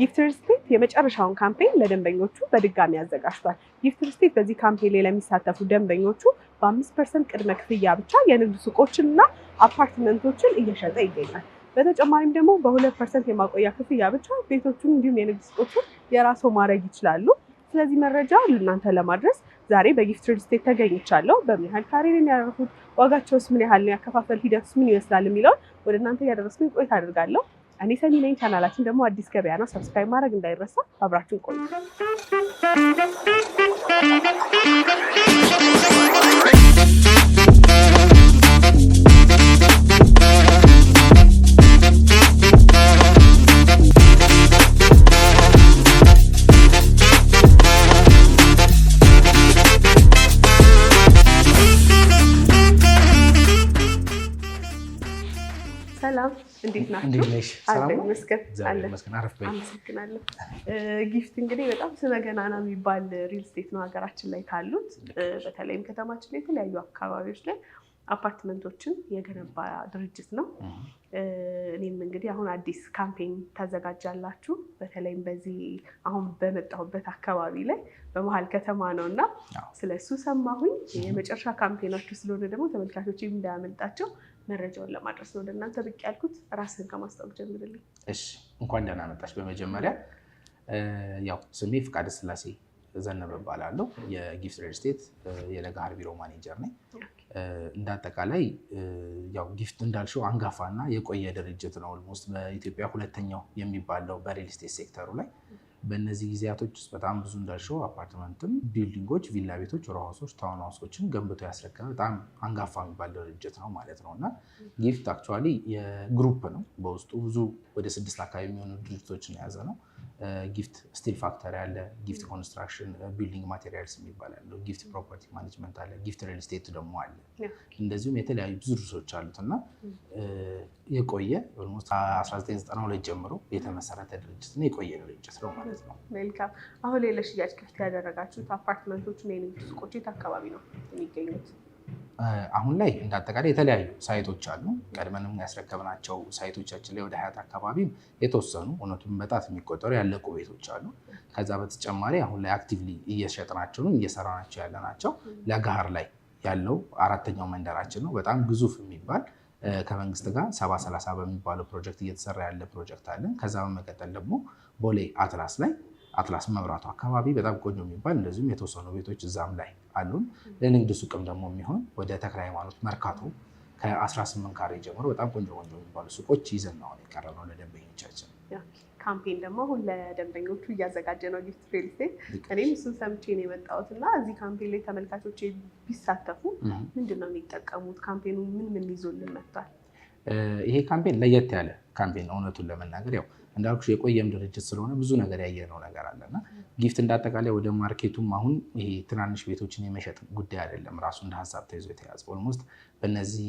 ጊፍትር ስቴት የመጨረሻውን ካምፔን ለደንበኞቹ በድጋሚ አዘጋጅቷል። ጊፍትር ስቴት በዚህ ካምፔን ላይ ለሚሳተፉ ደንበኞቹ በአምስት ፐርሰንት ቅድመ ክፍያ ብቻ የንግድ ሱቆችንና አፓርትመንቶችን እየሸጠ ይገኛል። በተጨማሪም ደግሞ በሁለት ፐርሰንት የማቆያ ክፍያ ብቻ ቤቶቹን እንዲሁም የንግድ ሱቆችን የራስዎ ማድረግ ይችላሉ። ስለዚህ መረጃ ለእናንተ ለማድረስ ዛሬ በጊፍት ሪል ስቴት ተገኝቻለሁ። በምን ያህል ካሬ ነው የሚያረፉት? ዋጋቸውስ ምን ያህል ነው? ያከፋፈል ሂደቱስ ምን ይመስላል? የሚለውን ወደ እናንተ እያደረስኩኝ ቆይታ አድርጋለሁ። እኔ ሰኒ ነኝ። ቻናላችን ደግሞ አዲስ ገበያ ነው። ሰብስክራይብ ማድረግ እንዳይረሳ። አብራችሁን ቆዩ። ነሽ? ይመስገን አረፍ በይ። አመሰግናለሁ። ጊፍት እንግዲህ በጣም ስመገናና የሚባል ሪል ስቴት ነው ሀገራችን ላይ ካሉት በተለይም ከተማችን ላይ የተለያዩ አካባቢዎች ላይ አፓርትመንቶችን የገነባ ድርጅት ነው። እኔም እንግዲህ አሁን አዲስ ካምፔን ታዘጋጃላችሁ። በተለይም በዚህ አሁን በመጣሁበት አካባቢ ላይ በመሀል ከተማ ነው እና ስለሱ ሰማሁኝ። የመጨረሻ ካምፔናችሁ ስለሆነ ደግሞ ተመልካቾች እንዳያመልጣቸው መረጃውን ለማድረስ ነው ወደ እናንተ ብቅ ያልኩት። ራስን ከማስታወቅ ጀምርልኝ። እሺ፣ እንኳን ደህና መጣሽ። በመጀመሪያ ያው ስሜ ፍቃደ ስላሴ ዘነበ እባላለሁ። የጊፍት ሪል ስቴት የለገሃር ቢሮ ማኔጀር ነኝ። እንዳጠቃላይ ያው ጊፍት እንዳልሽው አንጋፋ እና የቆየ ድርጅት ነው። ኦልሞስት በኢትዮጵያ ሁለተኛው የሚባለው በሪል ስቴት ሴክተሩ ላይ በእነዚህ ጊዜያቶች ውስጥ በጣም ብዙ እንዳልሽው አፓርትመንትም፣ ቢልዲንጎች፣ ቪላ ቤቶች፣ ሮሃውሶች፣ ታውን ሃውሶችን ገንብቶ ያስረከበ በጣም አንጋፋ የሚባል ድርጅት ነው ማለት ነው እና ጊፍት አክቹዋሊ የግሩፕ ነው። በውስጡ ብዙ ወደ ስድስት አካባቢ የሚሆኑ ድርጅቶችን የያዘ ነው። ጊፍት ስቲል ፋክተሪ አለ፣ ጊፍት ኮንስትራክሽን ቢልዲንግ ማቴሪያልስ የሚባል አለ፣ ጊፍት ፕሮፐርቲ ማኔጅመንት አለ፣ ጊፍት ሪል ስቴት ደግሞ አለ። እንደዚሁም የተለያዩ ብዙ ድርሶች አሉት እና የቆየ ኦልሞስት 1992 ጀምሮ የተመሰረተ ድርጅት እና የቆየ ድርጅት ነው ማለት ነው። መልካም። አሁን ላይ ለሽያጭ ክፍት ያደረጋችሁት አፓርትመንቶች እና የንግድ ሱቆች የት አካባቢ ነው የሚገኙት? አሁን ላይ እንደ የተለያዩ ሳይቶች አሉ። ቀድመንም ያስረከብናቸው ሳይቶቻችን ላይ ወደ ሀያት አካባቢ የተወሰኑ እውነቱን በጣት የሚቆጠሩ ያለቁ ቤቶች አሉ። ከዛ በተጨማሪ አሁን ላይ አክቲቭሊ እየሸጥናቸውንም እየሰራናቸው ያለናቸው ለገሃር ላይ ያለው አራተኛው መንደራችን ነው። በጣም ግዙፍ የሚባል ከመንግስት ጋር ሰባ ሰላሳ በሚባለው ፕሮጀክት እየተሰራ ያለ ፕሮጀክት አለን። ከዛ በመቀጠል ደግሞ ቦሌ አትላስ ላይ አትላስ መብራቱ አካባቢ በጣም ቆንጆ የሚባል እንደዚሁም የተወሰኑ ቤቶች እዛም ላይ አሉን። ለንግድ ሱቅም ደግሞ የሚሆን ወደ ተክለ ሃይማኖት መርካቶ ከ18 ካሬ ጀምሮ በጣም ቆንጆ ቆንጆ የሚባሉ ሱቆች ይዘን ነው አሁን የቀረብነው ለደንበኞቻችን። ካምፔን ደግሞ አሁን ለደንበኞቹ እያዘጋጀ ነው ጊፍት ሪል እኔም እሱን ሰምቼ ነው የመጣሁት እና እዚህ ካምፔን ላይ ተመልካቾች ቢሳተፉ ምንድን ነው የሚጠቀሙት? ካምፔኑ ምን ምን ይዞልን መጥቷል? ይሄ ካምፔን ለየት ያለ ካምፔን እውነቱን ለመናገር ያው እንዳልኩሽ የቆየም ድርጅት ስለሆነ ብዙ ነገር ያየነው ነገር አለና ጊፍት እንዳጠቃላይ ወደ ማርኬቱም አሁን ይሄ ትናንሽ ቤቶችን የመሸጥ ጉዳይ አይደለም። ራሱ እንደ ሀሳብ ተይዞ የተያዘ ኦልሞስት በእነዚህ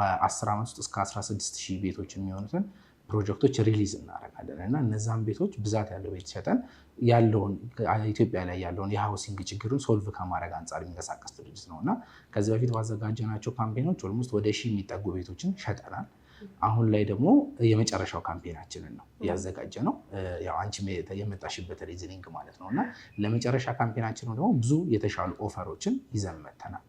በአስር ዓመት ውስጥ እስከ 16 ሺህ ቤቶች የሚሆኑትን ፕሮጀክቶች ሪሊዝ እናደርጋለን እና እነዛን ቤቶች ብዛት ያለው ቤት ሸጠን ያለውን ኢትዮጵያ ላይ ያለውን የሃውሲንግ ችግሩን ሶልቭ ከማድረግ አንጻር የሚንቀሳቀስ ድርጅት ነው እና ከዚህ በፊት ባዘጋጀናቸው ካምፔኖች ኦልሞስት ወደ ሺህ የሚጠጉ ቤቶችን ሸጠናል። አሁን ላይ ደግሞ የመጨረሻው ካምፔናችንን ነው ያዘጋጀ ነው። አንቺ የመጣሽበት ሪዝኒንግ ማለት ነው እና ለመጨረሻ ካምፔናችን ደግሞ ብዙ የተሻሉ ኦፈሮችን ይዘን መተናል።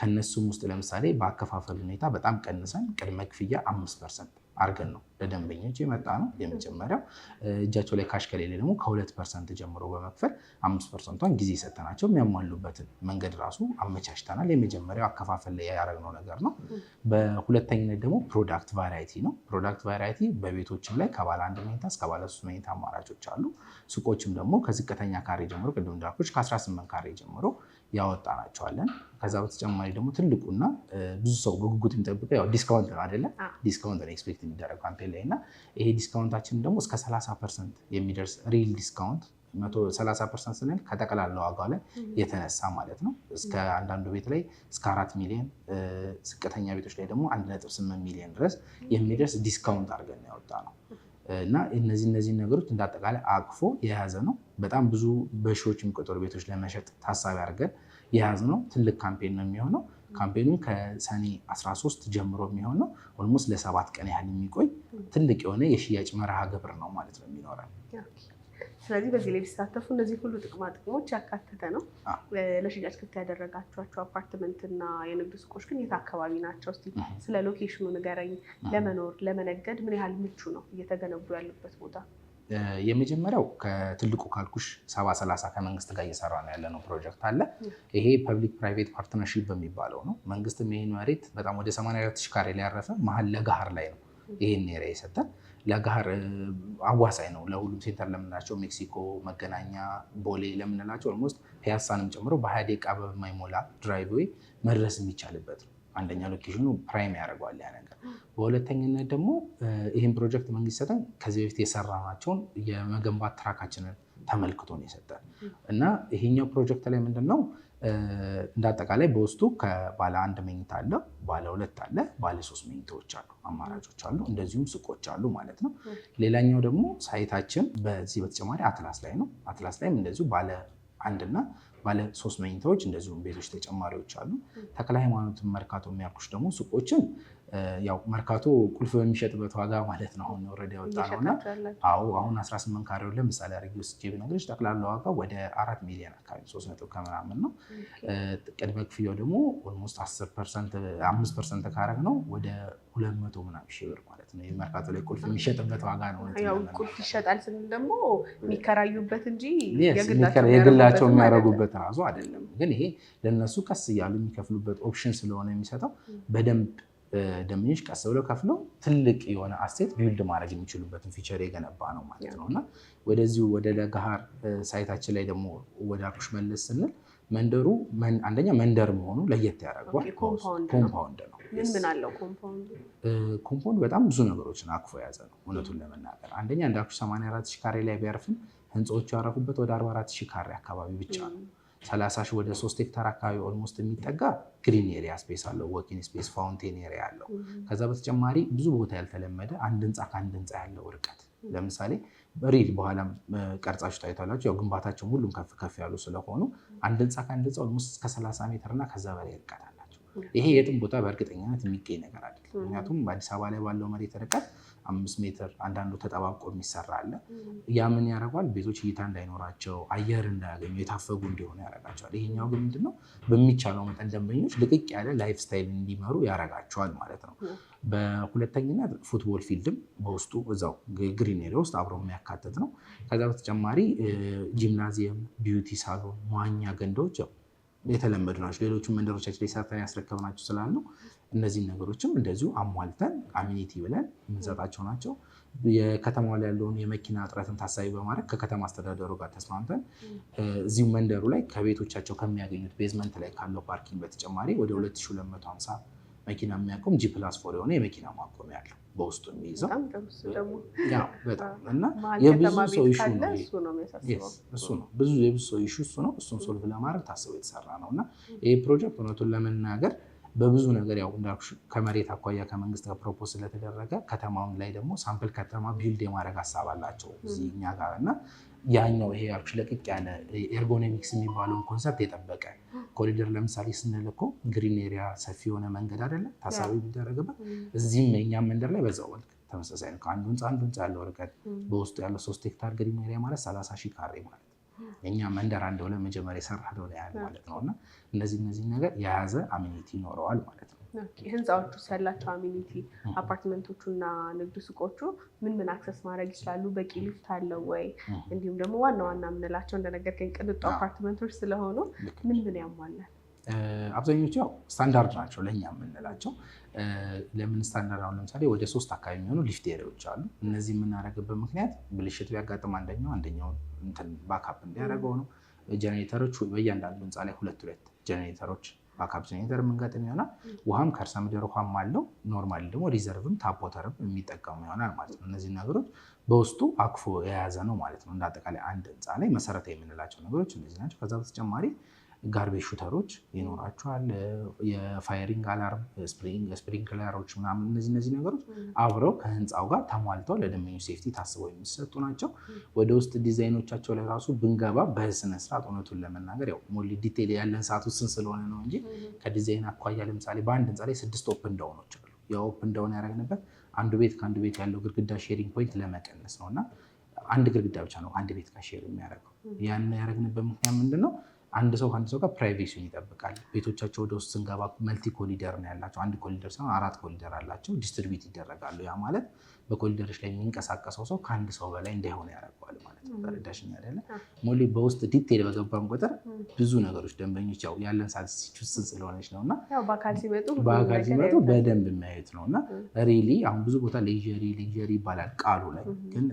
ከነሱም ውስጥ ለምሳሌ በአከፋፈል ሁኔታ በጣም ቀንሰን ቅድመ ክፍያ አምስት ፐርሰንት አርገን ነው ለደንበኞች የመጣ ነው። የመጀመሪያው እጃቸው ላይ ካሽ ከሌለ ደግሞ ከሁለት ፐርሰንት ጀምሮ በመክፈል አምስት ፐርሰንቷን ጊዜ ሰጠናቸው የሚያሟሉበትን መንገድ ራሱ አመቻችተናል። የመጀመሪያው አከፋፈል ላይ ያደረግነው ነገር ነው። በሁለተኝነት ደግሞ ፕሮዳክት ቫራይቲ ነው። ፕሮዳክት ቫራይቲ በቤቶችም ላይ ከባለ አንድ መኝታ እስከ ባለ ሶስት መኝታ አማራጮች አሉ። ሱቆችም ደግሞ ከዝቅተኛ ካሬ ጀምሮ ቅድም እንዳልኩሽ ከ18 ካሬ ጀምሮ ናቸዋለን። ከዛ በተጨማሪ ደግሞ ትልቁና ብዙ ሰው በጉጉት የሚጠብቀው ያው ዲስካውንት ነው አይደለ? ዲስካውንት ነው ኤክስፔክት የሚደረግ ካምፔን ላይ እና ይሄ ዲስካውንታችን ደግሞ እስከ 30 ፐርሰንት የሚደርስ ሪል ዲስካውንት 30 ፐርሰንት ስንል ከጠቅላላ ዋጋው ላይ የተነሳ ማለት ነው። እስከ አንዳንዱ ቤት ላይ እስከ አራት ሚሊዮን ዝቅተኛ ቤቶች ላይ ደግሞ አንድ ነጥብ ስምንት ሚሊዮን ድረስ የሚደርስ ዲስካውንት አድርገን ያወጣ ነው። እና እነዚህ እነዚህ ነገሮች እንዳጠቃላይ አቅፎ የያዘ ነው። በጣም ብዙ በሺዎች የሚቆጠሩ ቤቶች ለመሸጥ ታሳቢ አድርገን የያዘ ነው። ትልቅ ካምፔን ነው የሚሆነው። ካምፔኑ ከሰኔ 13 ጀምሮ የሚሆነው ኦልሞስት ለሰባት ቀን ያህል የሚቆይ ትልቅ የሆነ የሽያጭ መርሃ ግብር ነው ማለት ነው የሚኖረን ስለዚህ በዚህ ላይ ቢሳተፉ እነዚህ ሁሉ ጥቅማ ጥቅሞች ያካተተ ነው። ለሽያጭ ክፍት አፓርትመንት አፓርትመንትና የንግድ ሱቆች ግን የት አካባቢ ናቸው? እስኪ ስለ ሎኬሽኑ ንገረኝ። ለመኖር ለመነገድ ምን ያህል ምቹ ነው እየተገነቡ ያሉበት ቦታ? የመጀመሪያው ከትልቁ ካልኩሽ ሰባ ሰላሳ ከመንግስት ጋር እየሰራ ነው ነው ፕሮጀክት አለ። ይሄ ፐብሊክ ፕራይቬት ፓርትነርሺፕ በሚባለው ነው። መንግስትም ይህን መሬት በጣም ወደ 84 ሺህ ካሬ ላይ ያረፈ መሀል ለገሃር ላይ ነው ይህን ኤሪያ የሰጠን ለጋር አዋሳኝ ነው ለሁሉም ሴንተር ለምንላቸው ሜክሲኮ፣ መገናኛ፣ ቦሌ ለምንላቸው ኦልሞስት ፒያሳንም ጨምሮ በሀያ ደቂቃ በማይሞላ ድራይቭዌይ መድረስ የሚቻልበት ነው። አንደኛ ሎኬሽኑ ፕራይም ያደርገዋል ያ ነገር። በሁለተኝነት ደግሞ ይህን ፕሮጀክት መንግስት ሰጠን ከዚህ በፊት የሰራናቸውን የመገንባት ትራካችንን ተመልክቶ ነው የሰጠን እና ይሄኛው ፕሮጀክት ላይ ምንድን ነው እንዳጠቃላይ በውስጡ ከባለ አንድ መኝታ አለ፣ ባለ ሁለት አለ፣ ባለ ሶስት መኝታዎች አሉ፣ አማራጮች አሉ፣ እንደዚሁም ሱቆች አሉ ማለት ነው። ሌላኛው ደግሞ ሳይታችን በዚህ በተጨማሪ አትላስ ላይ ነው። አትላስ ላይም እንደዚሁ ባለ አንድና ባለ ሶስት መኝታዎች እንደዚሁም ቤቶች ተጨማሪዎች አሉ። ተክለ ሃይማኖትን መርካቶ የሚያርኩሽ ደግሞ ሱቆችን ያው መርካቶ ቁልፍ በሚሸጥበት ዋጋ ማለት ነው። አሁን ወረዳ ያወጣ ነውና አዎ አሁን 18 ካሬው ለምሳሌ አድርጌ ወስጄ ብነግርሽ ጠቅላላ ዋጋ ወደ አራት ሚሊዮን አካባቢ ሶስት ነጥብ ከምናምን ነው። ቅድመ ክፍያው ደግሞ ኦልሞስት አምስት ፐርሰንት ካረግ ነው ወደ ሁለት መቶ ምናምን ሺህ ብር ማለት ነው። መርካቶ ላይ ቁልፍ የሚሸጥበት ዋጋ ነው። ቁልፍ ይሸጣል ስንል ደግሞ የሚከራዩበት እንጂ የግላቸው የሚያደርጉበት ራሱ አይደለም። ግን ይሄ ለእነሱ ቀስ እያሉ የሚከፍሉበት ኦፕሽን ስለሆነ የሚሰጠው በደንብ ደንበኞች ቀስ ብለው ከፍለው ትልቅ የሆነ አሴት ቢውልድ ማድረግ የሚችሉበትን ፊቸር የገነባ ነው ማለት ነው እና ወደዚሁ ወደ ለገሃር ሳይታችን ላይ ደግሞ ወደ አልኩሽ መለስ ስንል መንደሩ አንደኛ መንደር መሆኑ ለየት ያደርገዋል። ኮምፓውንድ ነው። ኮምፓውንድ በጣም ብዙ ነገሮችን አቅፎ የያዘ ነው እውነቱን ለመናገር አንደኛ እንዳልኩሽ 84 ሺህ ካሬ ላይ ቢያርፍም ህንፃዎቹ ያረፉበት ወደ 44 ሺህ ካሬ አካባቢ ብቻ ነው። 30 ወደ 3 ሄክታር አካባቢ ኦልሞስት የሚጠጋ ግሪን ኤሪያ ስፔስ አለው፣ ወኪን ስፔስ፣ ፋውንቴን ኤሪያ አለው። ከዛ በተጨማሪ ብዙ ቦታ ያልተለመደ አንድ ህንፃ ከአንድ ህንፃ ያለው እርቀት ለምሳሌ ሪል በኋላ ቀርጻችሁ ታይቷላችሁ። ያው ግንባታቸው ሁሉም ከፍ ከፍ ያሉ ስለሆኑ አንድ ህንፃ ከአንድ ህንፃ ኦልሞስት እስከ 30 ሜትር እና ከዛ በላይ እርቀታል ይሄ የትም ቦታ በእርግጠኝነት የሚገኝ ነገር አይደለም። ምክንያቱም በአዲስ አበባ ላይ ባለው መሬት ርቀት አምስት ሜትር አንዳንዱ ተጠባብቆ የሚሰራ አለ። ያ ምን ያደርጓል? ቤቶች እይታ እንዳይኖራቸው፣ አየር እንዳያገኙ፣ የታፈጉ እንዲሆኑ ያደርጋቸዋል። ይሄኛው ግን ምንድነው በሚቻለው መጠን ደንበኞች ልቅቅ ያለ ላይፍ ስታይል እንዲመሩ ያደርጋቸዋል ማለት ነው። በሁለተኝነት ፉትቦል ፊልድም በውስጡ እዛው ግሪን ውስጥ አብሮ የሚያካትት ነው። ከዛ በተጨማሪ ጂምናዚየም፣ ቢዩቲ ሳሎን፣ መዋኛ ገንዳዎች የተለመዱ ናቸው። ሌሎችም መንደሮቻችን ላይ ሰርተን ያስረከብናቸው ስላሉ እነዚህን ነገሮችም እንደዚሁ አሟልተን አሚኒቲ ብለን የምንሰጣቸው ናቸው። የከተማ ላይ ያለውን የመኪና እጥረትን ታሳቢ በማድረግ ከከተማ አስተዳደሩ ጋር ተስማምተን እዚሁ መንደሩ ላይ ከቤቶቻቸው ከሚያገኙት ቤዝመንት ላይ ካለው ፓርኪንግ በተጨማሪ ወደ 2250 መኪና የሚያቆም ጂ ፕላስ ፎር የሆነ የመኪና ማቆሚያ አለው። በውስጡ የሚይዘው እና የብዙ ሰው ኢሹ ነው። ብዙ የብዙ ሰው ኢሹ እሱ ነው። እሱን ሶልቭ ለማድረግ ታስበው የተሰራ ነው እና ይህ ፕሮጀክት እውነቱን ለመናገር በብዙ ነገር ያው እንዳልኩሽ ከመሬት አኳያ ከመንግስት ጋር ፕሮፖዝ ስለተደረገ ከተማውን ላይ ደግሞ ሳምፕል ከተማ ቢልድ የማድረግ ሀሳብ አላቸው እዚህ እኛ ጋር እና ያኛው ይሄ ያልኩሽ ለቅቅ ያለ ኤርጎኖሚክስ የሚባለውን ኮንሰፕት የጠበቀ ኮሪደር ለምሳሌ ስንል እኮ ግሪን ኤሪያ ሰፊ የሆነ መንገድ አይደለም ታሳቢ የሚደረግበት። እዚህም የኛ መንደር ላይ በዛው መልክ ተመሳሳይ ነው። ከአንዱ ህንፃ አንዱ ህንፃ ያለው ርቀት በውስጡ ያለው ሶስት ሄክታር ግሪን ኤሪያ ማለት ሰላሳ ሺህ ካሬ ማለት የእኛ መንደር አንድ ብለን መጀመሪያ የሰራ ነው ያህል ማለት ነው። እና እነዚህ እነዚህ ነገር የያዘ አሚኒቲ ይኖረዋል ማለት ነው። ህንፃዎቹ ያላቸው አሚኒቲ አፓርትመንቶቹ እና ንግድ ሱቆቹ ምን ምን አክሰስ ማድረግ ይችላሉ? በቂ ሊፍት አለው ወይ? እንዲሁም ደግሞ ዋና ዋና የምንላቸው እንደነገርከኝ ቅንጡ አፓርትመንቶች ስለሆኑ ምን ምን ያሟላል? አብዛኞቹ ያው ስታንዳርድ ናቸው ለእኛ የምንላቸው። ለምን ስታንዳርድ? አሁን ለምሳሌ ወደ ሶስት አካባቢ የሚሆኑ ሊፍት ኤሪያዎች አሉ። እነዚህ የምናደርግበት ምክንያት ብልሽት ቢያጋጥም አንደኛው አንደኛው ባካፕ እንዲያደርገው ነው። ጀኔሬተሮች በእያንዳንዱ ህንፃ ላይ ሁለት ሁለት ጀኔሬተሮች ባካፕ ጀኔሬተር የምንገጥም ይሆናል። ውሃም ከእርሰ ምድር ውሃም አለው። ኖርማሊ ደግሞ ሪዘርቭም ታፕ ወተርም የሚጠቀሙ ይሆናል ማለት ነው። እነዚህ ነገሮች በውስጡ አክፎ የያዘ ነው ማለት ነው። እንደ አጠቃላይ አንድ ህንፃ ላይ መሰረታዊ የምንላቸው ነገሮች እነዚህ ናቸው። ከዛ በተጨማሪ ጋርቤጅ ሹተሮች ይኖራቸዋል። የፋየሪንግ አላርም፣ ስፕሪንክለሮች ምናምን እነዚህ እነዚህ ነገሮች አብረው ከህንፃው ጋር ተሟልተው ለደመኙ ሴፍቲ ታስበው የሚሰጡ ናቸው። ወደ ውስጥ ዲዛይኖቻቸው ላይ ራሱ ብንገባ በስነስርዓት እውነቱን ለመናገር ያው ሞሊ ዲቴል ያለን ሰዓት ውስን ስለሆነ ነው እንጂ ከዲዛይን አኳያ ለምሳሌ በአንድ ህንፃ ላይ ስድስት ኦፕን ዳውኖች አሉ። ኦፕን ዳውን ያደረግንበት አንዱ ቤት ከአንዱ ቤት ያለው ግድግዳ ሼሪንግ ፖይንት ለመቀነስ ነው እና አንድ ግድግዳ ብቻ ነው አንድ ቤት ጋር ሼር የሚያደርገው ያን ያደረግንበት ምክንያት ምንድን ነው? አንድ ሰው ከአንድ ሰው ጋር ፕራይቬሲ ይጠብቃል። ቤቶቻቸው ወደ ውስጥ ስንገባ መልቲ ኮሊደር ነው ያላቸው። አንድ ኮሊደር ሳይሆን አራት ኮሊደር አላቸው። ዲስትሪቢዩት ይደረጋሉ። ያ ማለት በኮሪደሮች ላይ የሚንቀሳቀሰው ሰው ከአንድ ሰው በላይ እንዳይሆነ ያደርገዋል ማለት ነው። ተረዳሽኝ አይደለ? ሞሊ በውስጥ ዲቴል በገባን ቁጥር ብዙ ነገሮች ደንበኞች ያው ያለን ሳቲስቲክስን ስለሆነች ነው እና በአካል ሲመጡ በደንብ የሚያዩት ነው እና ሪሊ አሁን ብዙ ቦታ ሌጀሪ ሌጀሪ ይባላል ቃሉ ላይ ግን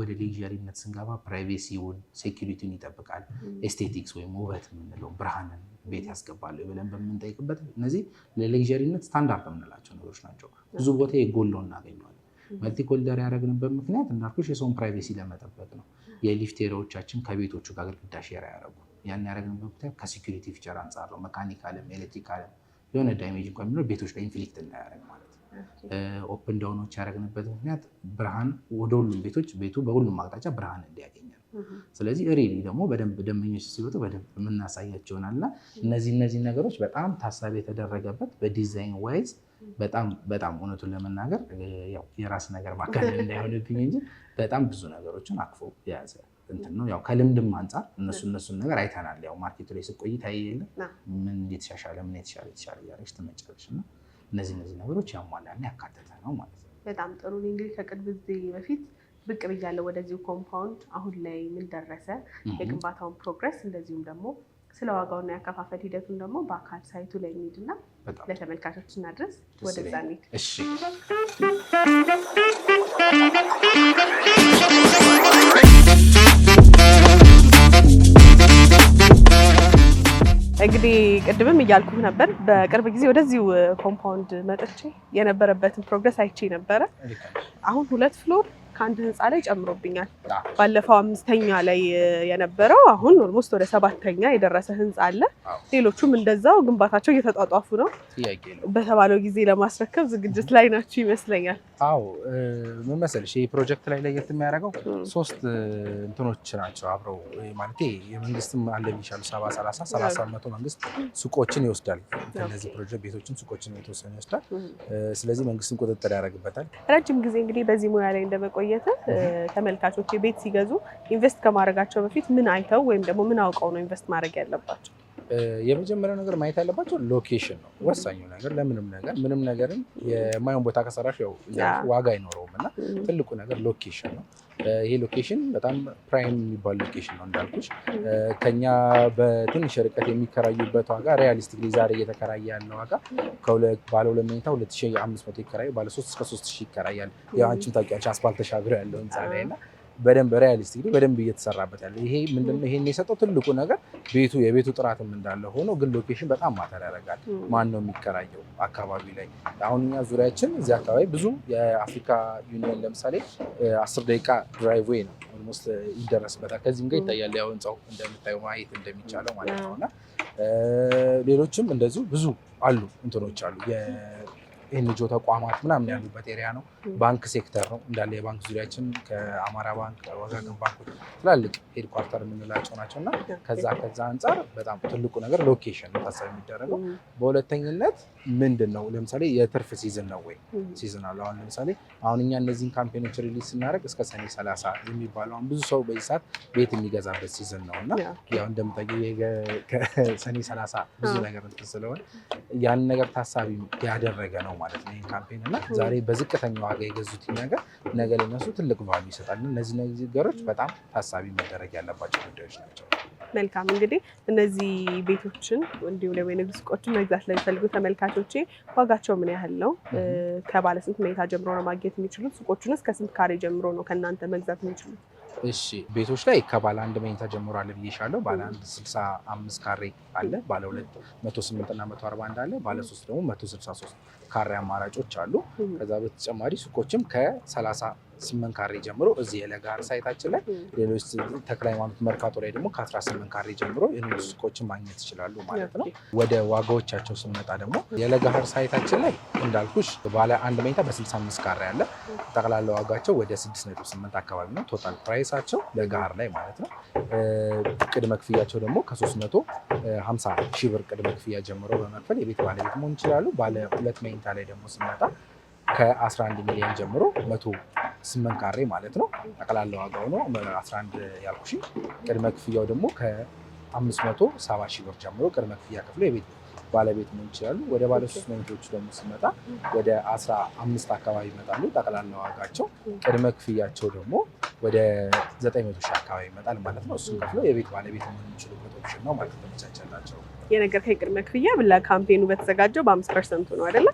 ወደ ሌሪነት ስንገባ ፕራይቬሲውን፣ ሴኪሪቲውን ይጠብቃል። ኤስቴቲክስ ወይም ውበት የምንለው ብርሃንን ቤት ያስገባሉ ብለን በምንጠይቅበት እነዚህ ለሌጀሪነት ስታንዳርድ የምንላቸው ነገሮች ናቸው። ብዙ ቦታ የጎሎ እናገኘዋል። መልቲኮሊደር ያደረግንበት ምክንያት እንዳልኩሽ የሰውን ፕራይቬሲ ለመጠበቅ ነው። የሊፍት ኤሪያዎቻችን ከቤቶቹ ጋር ግድግዳ ሼር ያደረጉ ያን ያደረግንበት ምክንያት ከሴኩሪቲ ፊቸር አንጻር ነው። ሜካኒካልም ኤሌክትሪካልም የሆነ ዳሜጅ እንኳ የሚኖር ቤቶች ላይ ኢንፍሊክት እናያደረግ ማለት ነው። ኦፕን ዳውኖች ያደረግንበት ምክንያት ብርሃን ወደ ሁሉም ቤቶች ቤቱ በሁሉም አቅጣጫ ብርሃን እንዲያገኝ ነው። ስለዚህ ሪሊ ደግሞ በደንብ ደንበኞች ሲወጡ በደንብ የምናሳያቸውናልና እነዚህ እነዚህ ነገሮች በጣም ታሳቢ የተደረገበት በዲዛይን ዋይዝ በጣም በጣም እውነቱን ለመናገር የራስ ነገር ማካለል እንዳይሆንብኝ እንጂ በጣም ብዙ ነገሮችን አቅፎ የያዘ እንትን ነው። ያው ከልምድም አንጻር እነሱ እነሱን ነገር አይተናል። ያው ማርኬቱ ላይ ስቆይ ታየለ ምን እየተሻሻለ ምን የተሻለ የተሻለ እያለች ትመጫለች እና እነዚህ እነዚህ ነገሮች ያሟላና ያካተተ ነው ማለት ነው። በጣም ጥሩ። እንግዲህ ከቅርብ ጊዜ በፊት ብቅ ብያለሁ ወደዚሁ ኮምፓውንድ። አሁን ላይ ምን ደረሰ የግንባታውን ፕሮግረስ፣ እንደዚሁም ደግሞ ስለ ዋጋውና ያከፋፈል ሂደቱን ደግሞ በአካል ሳይቱ ላይ እንሂድና ለተመልካቾች እናድረስ። ወደዛ እሺ እንግዲህ ቅድምም እያልኩህ ነበር፣ በቅርብ ጊዜ ወደዚሁ ኮምፓውንድ መጥቼ የነበረበትን ፕሮግረስ አይቼ ነበረ። አሁን ሁለት ፍሎር ከአንድ ህንፃ ላይ ጨምሮብኛል። ባለፈው አምስተኛ ላይ የነበረው አሁን ኦልሞስት ወደ ሰባተኛ የደረሰ ህንፃ አለ። ሌሎቹም እንደዛው ግንባታቸው እየተጧጧፉ ነው። በተባለው ጊዜ ለማስረከብ ዝግጅት ላይ ናቸው ይመስለኛል። አዎ ምን መሰለሽ፣ ይህ ፕሮጀክት ላይ ለየት የሚያደርገው ሶስት እንትኖች ናቸው አብረው ማለት የመንግስትም አለ የሚሻሉ ሰባ ሰላሳ ሰላሳ መቶ መንግስት ሱቆችን ይወስዳል። እነዚህ ፕሮጀክት ቤቶችን፣ ሱቆችን የተወሰኑ ይወስዳል። ስለዚህ መንግስትን ቁጥጥር ያደርግበታል። ረጅም ጊዜ እንግዲህ በዚህ ሙያ ላይ እንደመቆ በማቆየት ተመልካቾች የቤት ሲገዙ ኢንቨስት ከማድረጋቸው በፊት ምን አይተው ወይም ደግሞ ምን አውቀው ነው ኢንቨስት ማድረግ ያለባቸው? የመጀመሪያው ነገር ማየት ያለባቸው ሎኬሽን ነው ወሳኙ ነገር ለምንም ነገር ምንም ነገርን የማየውን ቦታ ከሰራሽ ያው ዋጋ አይኖረውም እና ትልቁ ነገር ሎኬሽን ነው ይሄ ሎኬሽን በጣም ፕራይም የሚባል ሎኬሽን ነው እንዳልኩሽ ከኛ በትንሽ ርቀት የሚከራዩበት ዋጋ ሪያሊስቲክሊ ዛሬ እየተከራየ ያለ ዋጋ ባለ ሁለት መኝታ ሁለት ይከራዩ ባለ 3 እስከ ሶስት ይከራያል ያው አንቺም ታውቂያለሽ አስፋልት ተሻግሮ ያለው ህንፃ ላይ እና በደንብ ሪያሊስቲክ በደንብ እየተሰራበት ያለ ይሄ ምንድነው? ይሄን የሰጠው ትልቁ ነገር ቤቱ የቤቱ ጥራትም እንዳለ ሆኖ ግን ሎኬሽን በጣም ማተር ያደርጋል። ማን ነው የሚከራየው አካባቢ ላይ አሁን እኛ ዙሪያችን እዚህ አካባቢ ብዙ የአፍሪካ ዩኒየን ለምሳሌ አስር ደቂቃ ድራይቭ ነው ኦልሞስት ይደረስበታል። ከዚህም ጋር ይታያል ያው ህንፃው እንደምታዩ ማየት እንደሚቻለው ማለት ነው እና ሌሎችም እንደዚሁ ብዙ አሉ እንትኖች አሉ ኤንጆ ተቋማት ምናምን ያሉበት ኤሪያ ነው። ባንክ ሴክተር ነው እንዳለ የባንክ ዙሪያችን ከአማራ ባንክ ከወጋገን ባንኮች ትላልቅ ሄድኳርተር የምንላቸው ናቸው እና ከዛ ከዛ አንጻር በጣም ትልቁ ነገር ሎኬሽን ታሳቢ የሚደረገው በሁለተኝነት ምንድን ነው ለምሳሌ የትርፍ ሲዝን ነው ወይ ሲዝን አለ። አሁን ለምሳሌ አሁን እኛ እነዚህን ካምፔኖች ሪሊዝ ስናደርግ እስከ ሰኔ ሰላሳ የሚባለው አሁን ብዙ ሰው በዚህ ሰዓት ቤት የሚገዛበት ሲዝን ነው እና ያው እንደምታየ ሰኔ ሰላሳ ብዙ ነገር ስለሆነ ያን ነገር ታሳቢ ያደረገ ነው ማለት ነው ይህ ካምፔን እና ዛሬ በዝቅተኛ ዋጋ የገዙት ነገር ነገ ለነሱ ትልቅ ቫሉ ይሰጣል። እነዚህ ነገሮች በጣም ታሳቢ መደረግ ያለባቸው ጉዳዮች ናቸው። መልካም እንግዲህ እነዚህ ቤቶችን እንዲሁም ደግሞ የንግድ ሱቆችን መግዛት ለሚፈልጉ ተመልካቾች ዋጋቸው ምን ያህል ነው? ከባለስንት መኝታ ጀምሮ ነው ማግኘት የሚችሉት? ሱቆቹን እስከ ስንት ካሬ ጀምሮ ነው ከእናንተ መግዛት የሚችሉት? እሺ ቤቶች ላይ ከባለ አንድ መኝታ ጀምሮ አለ ባለ አንድ 65 ካሬ አለ፣ ባለ ሁለት 108 እና 141 አለ፣ ባለ ሶስት ደግሞ 163 ካሬ አማራጮች አሉ። ከዛ በተጨማሪ ሱቆችም ከ30 ስምንት ካሬ ጀምሮ እዚህ የለጋር ሳይታችን ላይ፣ ሌሎች ተክለ ሃይማኖት መርካቶ ላይ ደግሞ ከ18 ካሬ ጀምሮ የንግድ ሱቆችን ማግኘት ይችላሉ ማለት ነው። ወደ ዋጋዎቻቸው ስንመጣ ደግሞ የለጋር ሳይታችን ላይ እንዳልኩሽ ባለ አንድ መኝታ በ65 ካሬ አለ። ጠቅላላ ዋጋቸው ወደ 68 አካባቢ ነው። ቶታል ፕራይሳቸው ለጋር ላይ ማለት ነው። ቅድመ ክፍያቸው ደግሞ ከ350 ሺህ ብር ቅድመ ክፍያ ጀምሮ በመክፈል የቤት ባለቤት መሆን ይችላሉ። ባለ ሁለት መኝታ ላይ ደግሞ ስንመጣ ከ11 ሚሊዮን ጀምሮ መቶ ስምንት ካሬ ማለት ነው። ጠቅላላ ዋጋው ነው 11 ያልኩሽ። ቅድመ ክፍያው ደግሞ ከ570 ሺህ ብር ጀምሮ ቅድመ ክፍያ ክፍሎ የቤት ባለቤት መሆን ይችላሉ። ወደ ባለ ሶስት መኝቶቹ ደግሞ ስመጣ ወደ 15 አካባቢ ይመጣሉ። ጠቅላላ ዋጋቸው ቅድመ ክፍያቸው ደግሞ ወደ 900 ሺህ አካባቢ ይመጣል ማለት ነው። እሱም ከፍሎ የቤት ባለቤት መሆን የሚችሉበት ኦፕሽን ነው ማለት ነው። የነገርከኝ ቅድመ ክፍያ ካምፔኑ በተዘጋጀው በአምስት ፐርሰንቱ ነው አይደለ?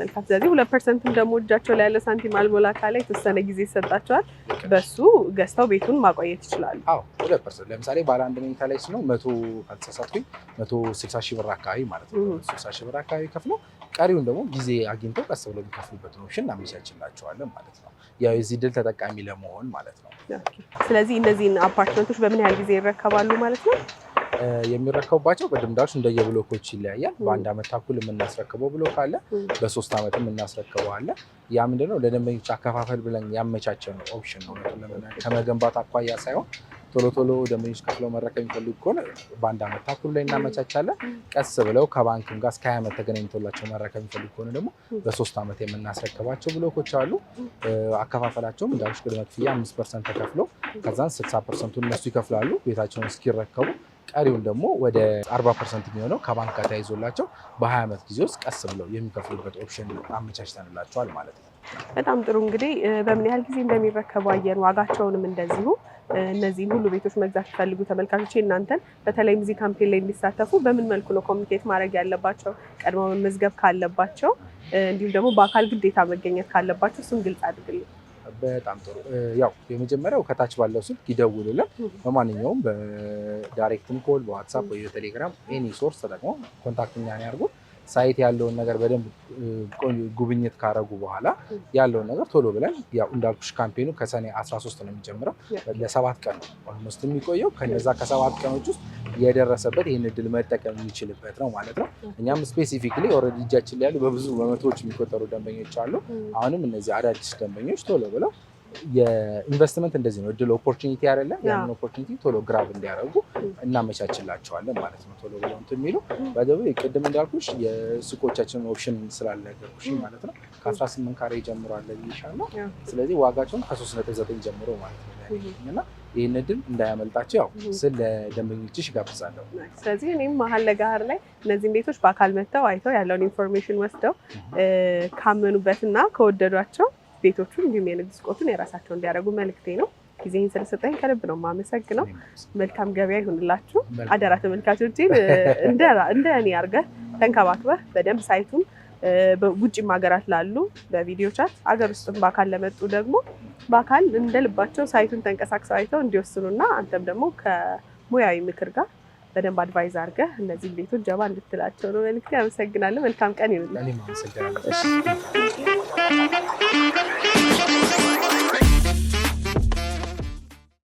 መልካም። ስለዚህ ሁለት ፐርሰንትም ደግሞ እጃቸው ላይ ያለ ሳንቲም አልሞላ ካለ የተወሰነ ጊዜ ይሰጣቸዋል። በሱ ገዝተው ቤቱን ማቆየት ይችላሉ። ሁለት ፐርሰንት ለምሳሌ ባለ አንድ መኝታ ላይ ስነው መቶ ካልተሳሳትኩኝ መቶ ስልሳ ሺህ ብር አካባቢ ማለት ነው። ስልሳ ሺህ ብር አካባቢ ከፍለው ቀሪውን ደግሞ ጊዜ አግኝተው ቀስ ብለው የሚከፍሉበትን ኦፕሽን እናመቻችላቸዋለን ማለት ነው። ያው የዚህ ድል ተጠቃሚ ለመሆን ማለት ነው። ስለዚህ እነዚህን አፓርትመንቶች በምን ያህል ጊዜ ይረከባሉ ማለት ነው? የሚረከቡባቸው በድምዳዎች እንደየ ብሎኮች ይለያያል። በአንድ አመት ተኩል የምናስረክበው ብሎክ አለ፣ በሶስት አመት የምናስረክበው አለ። ያ ምንድነው ለደንበኞች አከፋፈል ብለን ያመቻቸ ነው ኦፕሽን ነው። ከመገንባት አኳያ ሳይሆን ቶሎ ቶሎ ደንበኞች ከፍለው መረከብ የሚፈልጉ ከሆነ በአንድ አመት ተኩል ላይ እናመቻቻለን። ቀስ ብለው ከባንክም ጋር እስከ ሀያ አመት ተገናኝቶላቸው መረከብ የሚፈልጉ ከሆነ ደግሞ በሶስት አመት የምናስረክባቸው ብሎኮች አሉ። አከፋፈላቸውም እንዳልሽ ቅድመ ክፍያ አምስት ፐርሰንት ተከፍሎ ከዛን ስልሳ ፐርሰንቱን እነሱ ይከፍላሉ ቤታቸውን እስኪረከቡ ቀሪውን ደግሞ ወደ 40 ፐርሰንት የሚሆነው ከባንክ ጋር ተያይዞላቸው በ20 ዓመት ጊዜ ውስጥ ቀስ ብለው የሚከፍሉበት ኦፕሽን አመቻችተንላቸዋል ማለት ነው። በጣም ጥሩ እንግዲህ በምን ያህል ጊዜ እንደሚረከቡ አየን። ዋጋቸውንም እንደዚሁ እነዚህን ሁሉ ቤቶች መግዛት ይፈልጉ ተመልካቾች እናንተን በተለይም እዚህ ካምፔን ላይ እንዲሳተፉ በምን መልኩ ነው ኮሚኒኬት ማድረግ ያለባቸው? ቀድሞ መመዝገብ ካለባቸው እንዲሁም ደግሞ በአካል ግዴታ መገኘት ካለባቸው እሱም ግልጽ አድርግልኝ። በጣም ጥሩ። ያው የመጀመሪያው ከታች ባለው ስልክ ይደውሉልን። በማንኛውም በዳይሬክትም ኮል፣ በዋትሳፕ ወይ በቴሌግራም ኤኒ ሶርስ ተጠቅሞ ኮንታክት እኛን ያድርጉ። ሳይት ያለውን ነገር በደንብ ጉብኝት ካረጉ በኋላ ያለውን ነገር ቶሎ ብለን ያው እንዳልኩሽ ካምፔኑ ከሰኔ 13 ነው የሚጀምረው። ለሰባት ቀን ነው ኦልሞስት የሚቆየው። ከነዛ ከሰባት ቀኖች ውስጥ የደረሰበት ይህን እድል መጠቀም የሚችልበት ነው ማለት ነው። እኛም ስፔሲፊክሊ ኦልሬዲ እጃችን ላይ ያሉ በብዙ በመቶዎች የሚቆጠሩ ደንበኞች አሉ። አሁንም እነዚህ አዳዲስ ደንበኞች ቶሎ ብለው የኢንቨስትመንት እንደዚህ ነው። እድል ኦፖርቹኒቲ አይደለ? ያንን ኦፖርቹኒቲ ቶሎ ግራብ እንዲያደርጉ እናመቻችላቸዋለን ማለት ነው። ቶሎ ብለው እንትን የሚሉ ባደበ ቅድም እንዳልኩሽ የሱቆቻችንን ኦፕሽን ስላልነገርኩሽ ማለት ነው ከ18 ካሬ ጀምሮ አለ ይሻለ። ስለዚህ ዋጋቸውን ከ3.9 ጀምሮ ማለት ነው እና ይህን እድል እንዳያመልጣቸው ያው ስለ ደንበኞችሽ ጋብዛለሁ። ስለዚህ እኔም መሀል ለጋር ላይ እነዚህን ቤቶች በአካል መጥተው አይተው ያለውን ኢንፎርሜሽን ወስደው ካመኑበትና ከወደዷቸው ቤቶቹን እንዲሁም የንግድ ስቆቱን የራሳቸው እንዲያደርጉ መልክቴ ነው። ጊዜህን ስለሰጠኝ ከልብ ነው የማመሰግነው። መልካም ገበያ ይሁንላችሁ። አደራ ተመልካቾችን እንደ እኔ አድርገህ ተንከባክበህ በደንብ ሳይቱን ውጭም ሀገራት ላሉ በቪዲዮ ቻት፣ አገር ውስጥም በአካል ለመጡ ደግሞ በአካል እንደ ልባቸው ሳይቱን ተንቀሳቅሰው አይተው እንዲወስኑና አንተም ደግሞ ከሙያዊ ምክር ጋር በደንብ አድቫይዝ አድርገህ እነዚህ ቤቶች ጀባ እንድትላቸው ነው መልክት። አመሰግናለሁ። መልካም ቀን ይሁንልህ።